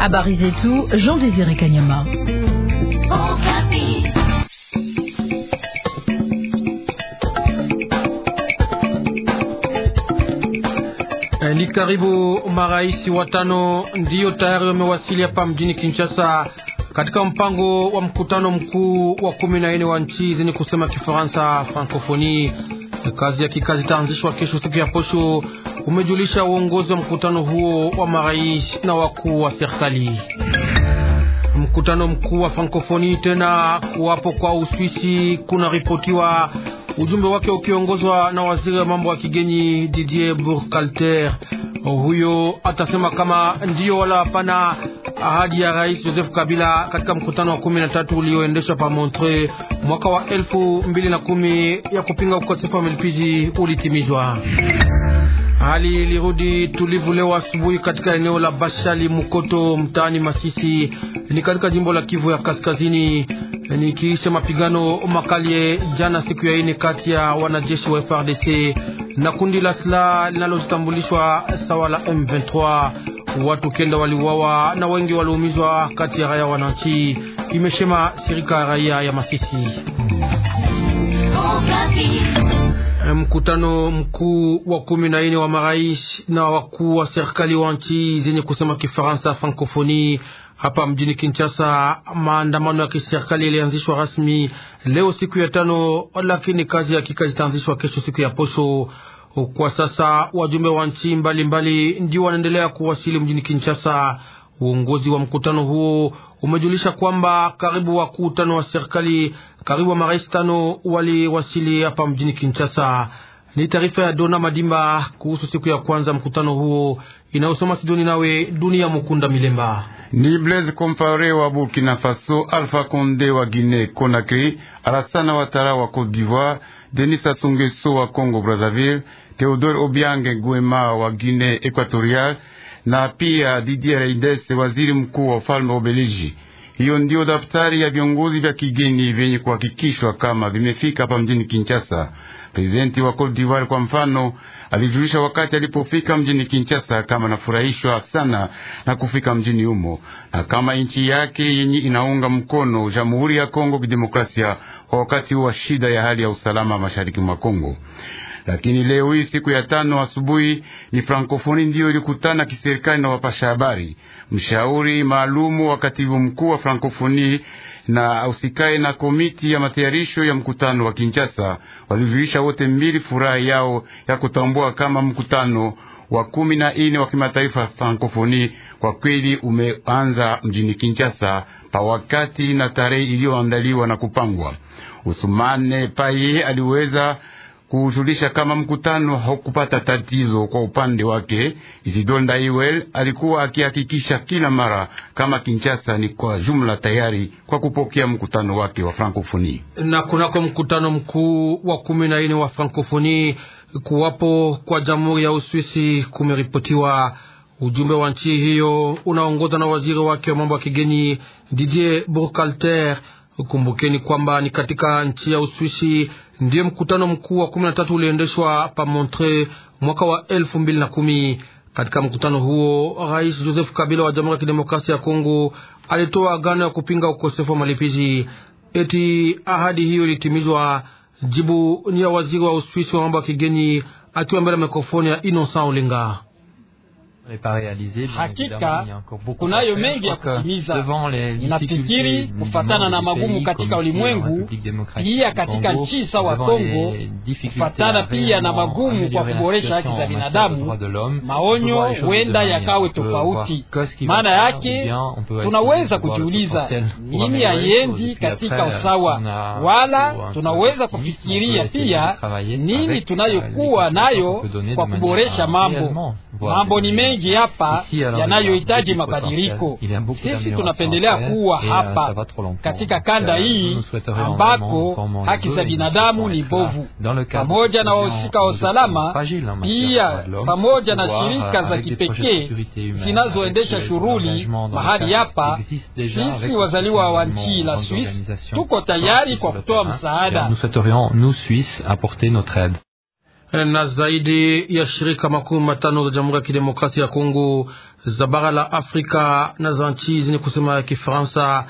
Habari zetu Jean Désiré Kanyama. Eh, ni karibu marais watano ndiyo tayari wamewasili hapa mjini Kinshasa katika mpango wa mkutano mkuu wa kumi na nne wa nchi zenye kusema Kifaransa, Francophonie. Kazi ya kikazi itaanzishwa kesho siku ya posho umejulisha uongozi wa mkutano huo wa marais na wakuu wa serikali. Mkutano mkuu wa Frankofoni tena kuwapo kwa Uswisi kuna ripotiwa, ujumbe wake ukiongozwa na waziri wa mambo ya kigeni Didier Burkhalter. Huyo atasema kama ndiyo wala hapana ahadi ya rais Joseph Kabila katika mkutano wa kumi na tatu ulioendeshwa pa Montre mwaka wa elfu mbili na kumi ya kupinga ukosefu wa milipizi ulitimizwa. Hali ilirudi tulivu leo asubuhi katika eneo la Bashali Mukoto mtaani Masisi ni katika jimbo la Kivu ya Kaskazini nikiisha mapigano makali jana siku ya ine kati ya wanajeshi wa FRDC na kundi la silaha linalotambulishwa sawa la M23. Watu kenda waliuawa na wengi waliumizwa kati ya raia wananchi, imeshema shirika ya raia ya Masisi. Oh, Eh, mkutano mkuu wa kumi na nne wa marais na wakuu wa serikali wa nchi zenye kusema Kifaransa Frankofoni hapa mjini Kinshasa. Maandamano ya kiserikali yalianzishwa rasmi leo siku ya tano, lakini kazi ya hakika zitaanzishwa kesho siku ya posho. Kwa sasa wajumbe wa nchi mbalimbali ndio wanaendelea kuwasili mjini Kinshasa. Uongozi wa mkutano huo umejulisha kwamba karibu wakuu tano wa serikali, karibu wa marais tano waliwasili hapa mjini Kinshasa. Ni taarifa ya Dona Madimba kuhusu siku ya kwanza mkutano huo inayosoma Sidoni nawe Dunia Mukunda Milemba. Ni Blaise Compaore wa Burkina Faso, Alpha Conde wa Guinea Conakry, Alassane Ouattara wa Côte d'Ivoire, Denis Sassou Nguesso wa Congo Brazzaville, Theodore Obiang Nguema wa Guinea Equatorial na pia Didier Reynders, waziri mkuu wa ufalme wa Ubelgiji. Hiyo ndiyo daftari ya viongozi vya kigeni vyenye kuhakikishwa kama vimefika hapa mjini Kinshasa. Prezidenti wa Cote d'Ivoire kwa mfano alijulisha wakati alipofika mjini Kinshasa kama anafurahishwa sana na kufika mjini humo na kama nchi yake yenye inaunga mkono Jamhuri ya Kongo Kidemokrasia kwa wakati wa shida ya hali ya usalama mashariki mwa Kongo. Lakini leo hii siku ya tano asubuhi ni Frankofoni ndiyo ilikutana kiserikali na wapasha habari. Mshauri maalumu wa katibu mkuu wa Frankofoni na usikae na komiti ya matayarisho ya mkutano wa Kinshasa walijulisha wote mbili furaha yao ya kutambua kama mkutano wa kumi na nne wa kimataifa Frankofoni kwa kweli umeanza mjini Kinshasa pa wakati na tarehe iliyoandaliwa na kupangwa. Usumane Paye aliweza kujulisha kama mkutano haukupata tatizo kwa upande wake. Isidore Ndaiwel alikuwa akihakikisha kila mara kama Kinshasa ni kwa jumla tayari kwa kupokea mkutano wake wa Frankofoni na kunako mkutano mkuu wa kumi na nne wa Frankofoni kuwapo kwa jamhuri ya Uswisi kumeripotiwa. Ujumbe wa nchi hiyo unaongozwa na waziri wake wa mambo ya kigeni Didier Burkhalter. Kumbukeni kwamba ni katika nchi ya Uswisi ndiye mkutano mkuu wa 13 uliendeshwa pa Montre mwaka wa 2010. Katika mkutano huo Rais Joseph Kabila wa Jamhuri ya Kidemokrasia ya Kongo alitoa agano ya kupinga ukosefu wa malipizi. Eti ahadi hiyo ilitimizwa. Jibu ni ya waziri wa Uswisi wa mambo ya kigeni akiwa mbele ya mikrofoni ya Innocent Olinga. Pas réalisé, hakika kunayo mengi ya kutimiza. Nafikiri kufatana na magumu katika ulimwengu, pia katika nchi sawa Kongo, kufatana pia na magumu kwa kuboresha haki za binadamu, maonyo huenda yakawe tofauti. Maana yake tunaweza kujiuliza nini haiendi katika usawa, wala tunaweza kufikiria pia nini tunayokuwa nayo kwa kuboresha mambo Mambo ni mengi hapa yanayohitaji mabadiliko. Sisi tunapendelea kuwa euh, hapa katika kanda hii euh, ambako haki za binadamu ni bovu, pamoja na wahusika wa usalama, pia pamoja na euh, shirika za kipekee zinazoendesha shughuli mahali hapa. Sisi wazaliwa wa nchi la Swiss tuko tayari kwa kutoa msaada na zaidi ya shirika makumi matano za Jamhuri ya Kidemokrasia ya Kongo za bara la Afrika na za nchi zenye kusema ya Kifaransa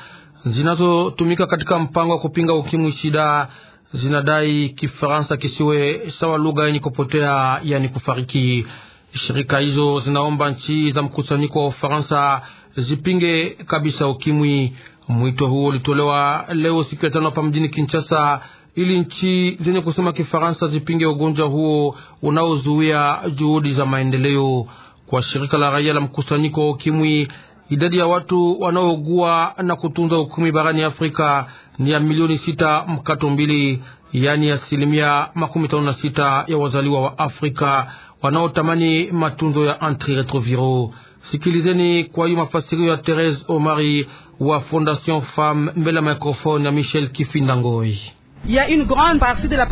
zinazotumika katika mpango wa kupinga ukimwi shida zinadai Kifaransa kisiwe sawa lugha yenye kupotea, yani kufariki. Shirika hizo zinaomba nchi za mkusanyiko wa Ufaransa zipinge kabisa ukimwi. Mwito huo ulitolewa leo siku ya tano hapa mjini Kinshasa ili nchi zenye kusema Kifaransa zipinge ugonjwa huo unaozuia juhudi za maendeleo. Kwa shirika la raia la mkusanyiko wa ukimwi, idadi ya watu wanaougua na kutunza ukimwi barani Afrika ni ya milioni sita mkato mbili, yaani asilimia makumi tano na sita ya wazaliwa wa Afrika wanaotamani matunzo ya antiretroviro. Sikilizeni kwa hiyo mafasirio ya Therese Omari wa Fondation Femme mbele ya microfone ya Michel Kifindangoi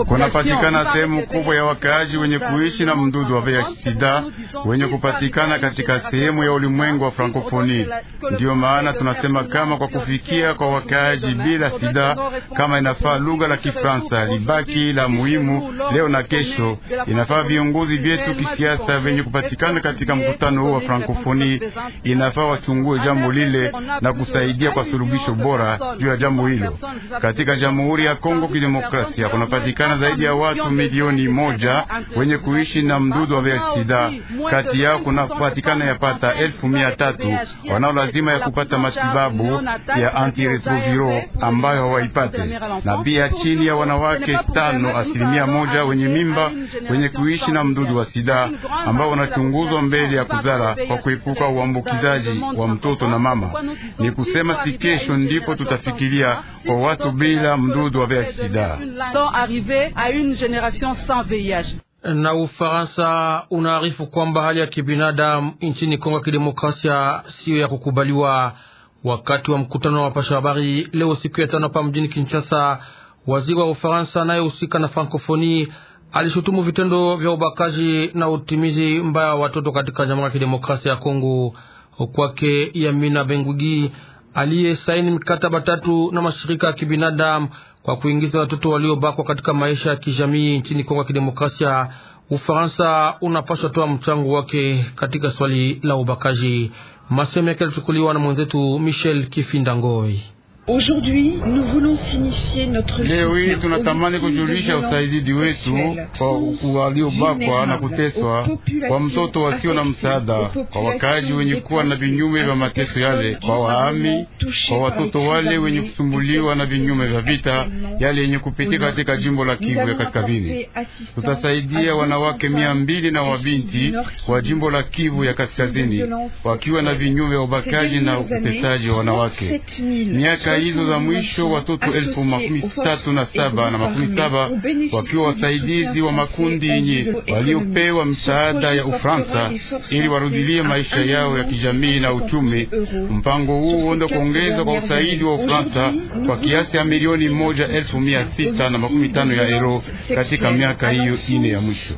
kunapatikana sehemu kubwa ya wakaaji wenye kuishi na mdudu wa vya sida wenye kupatikana katika sehemu ya ulimwengu wa Frankofoni. Ndiyo maana tunasema kama kwa kufikia kwa wakaaji bila sida, kama inafaa lugha la Kifransa libaki la muhimu leo na kesho. Inafaa viongozi vyetu kisiasa venye kupatikana katika mkutano huu wa Frankofoni, inafaa wachungue jambo lile na kusaidia kwa suluhisho bora juu ya jambo hilo katika Jamhuri ya Kongo kidemokrasia kunapatikana zaidi ya watu milioni moja wenye kuishi na mdudu wa sida. Kati yao kunapatikana yapata elfu mia tatu wanao lazima ya kupata matibabu ya antiretroviro ambayo hawaipate, na pia chini ya wanawake tano asilimia moja wenye mimba wenye kuishi na mdudu wa sida ambao wanachunguzwa mbele ya kuzala kwa kuepuka uambukizaji wa mtoto na mama. Ni kusema si kesho ndipo tutafikiria kwa watu bila mdudu wa sida sida na Ufaransa unaarifu kwamba hali ya kibinadamu nchini Kongo ya Kidemokrasia siyo ya kukubaliwa. Wakati wa mkutano wa wapasha habari leo siku ya tano hapa mjini Kinshasa, waziri wa Ufaransa anayehusika na Frankofoni alishutumu vitendo vya ubakaji na utimizi mbaya wa watoto katika Jamhuri ya Kidemokrasia ya Kongo. Kwake Yamina Bengugi aliyesaini mkataba tatu na mashirika ya kibinadamu kwa kuingiza watoto waliobakwa katika maisha ya kijamii nchini Kongo ya Kidemokrasia. Ufaransa unapaswa toa mchango wake katika swali la ubakaji. Maseme yake yalichukuliwa na mwenzetu Michel kifindangoi Leo hii tunatamani kujulisha usaidizi wetu kwa waliobakwa na kuteswa, kwa mtoto wasio na msaada, kwa wakaji wenye kuwa na vinyume vya mateso yale, kwa waami, kwa watoto wale wenye kusumbuliwa na vinyume vya vita yale yenye kupitika katika jimbo la Kivu ya Kaskazini. Tutasaidia wanawake mia mbili na wabinti wa jimbo la Kivu ya Kaskazini wakiwa na vinyume vya ubakaji na utesaji wa wanawake miaka hizo za mwisho watoto elfu makumi tatu na saba na makumi saba wakiwa wasaidizi wa makundi yenye waliopewa msaada ya Ufaransa ili warudilie maisha yao ya kijamii na uchumi. Mpango huu uende kuongeza kwa usaidi wa Ufaransa kwa kiasi ya milioni moja elfu mia sita na makumi tano ya euro katika miaka hiyo ine ya mwisho.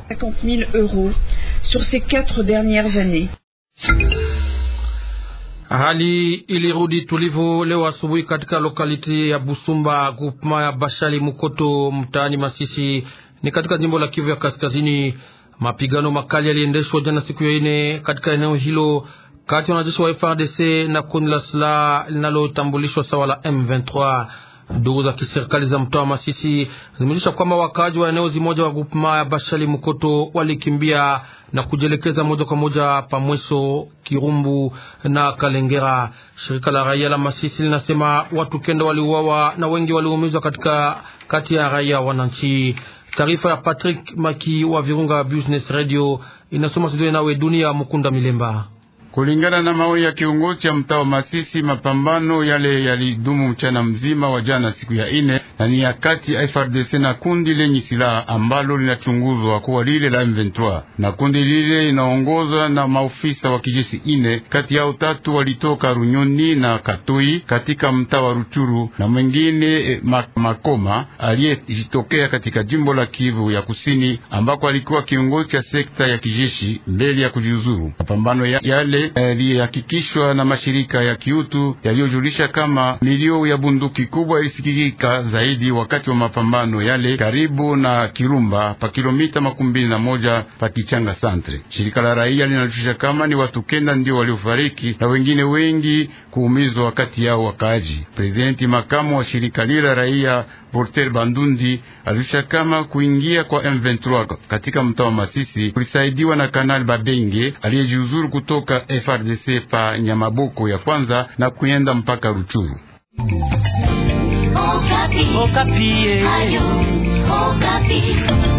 Hali ilirudi tulivu leo asubuhi katika lokaliti ya Busumba gupma ya Bashali Mukoto mtaani Masisi ni katika jimbo la Kivu ya Kaskazini. Mapigano makali yaliendeshwa jana siku ya ine katika eneo hilo kati ya wanajeshi wa frdc na kundi la silaha linalotambulishwa sawa la M23. Ndugu za kiserikali za mtaa wa Masisi zimeonyesha kwamba wakaaji wa eneo zimoja wa grupema ya Bashali Mkoto walikimbia na kujielekeza moja kwa moja Pamweso, Kirumbu na Kalengera. Shirika la raia la Masisi linasema watu kenda waliuawa na wengi waliumizwa katika kati ya raia wananchi. Taarifa ya Patrick Maki wa Virunga Business Radio inasoma studio nawe Dunia Mukunda Milemba. Kulingana na maoni ya kiongozi ya mtaa wa Masisi, mapambano yale yalidumu mchana mzima wa jana siku ya ine, na ni yakati kati ya na kundi lenye silaha ambalo linachunguzwa kuwa lile la M23, na kundi lile linaongozwa na maofisa wa kijeshi ine, kati yao tatu walitoka Runyoni na Katui katika mtaa wa Ruchuru na mwengine eh, Makoma aliyejitokea katika jimbo la Kivu ya Kusini, ambako alikuwa kiongozi cha sekta ya kijeshi mbele ya kujiuzuru. Mapambano yale yalihakikishwa na mashirika ya kiutu yaliyojulisha kama milio ya bunduki kubwa ilisikika zaidi wakati wa mapambano yale karibu na Kirumba pa kilomita makumi mbili na moja pa Kichanga Santre. Shirika la raia linajulisha kama ni watu kenda ndio waliofariki na wengine wengi kuumizwa, wakati yao wakaaji. Presidenti makamu wa shirika lila raia Porter Bandundi alisha kama kuingia kwa M23 katika mtaa wa Masisi kulisaidiwa na Kanali Babenge aliyejiuzuru kutoka FRDC pa Nyamaboko ya kwanza na kuenda mpaka Ruchuru. Okapi. Okapi. Eh.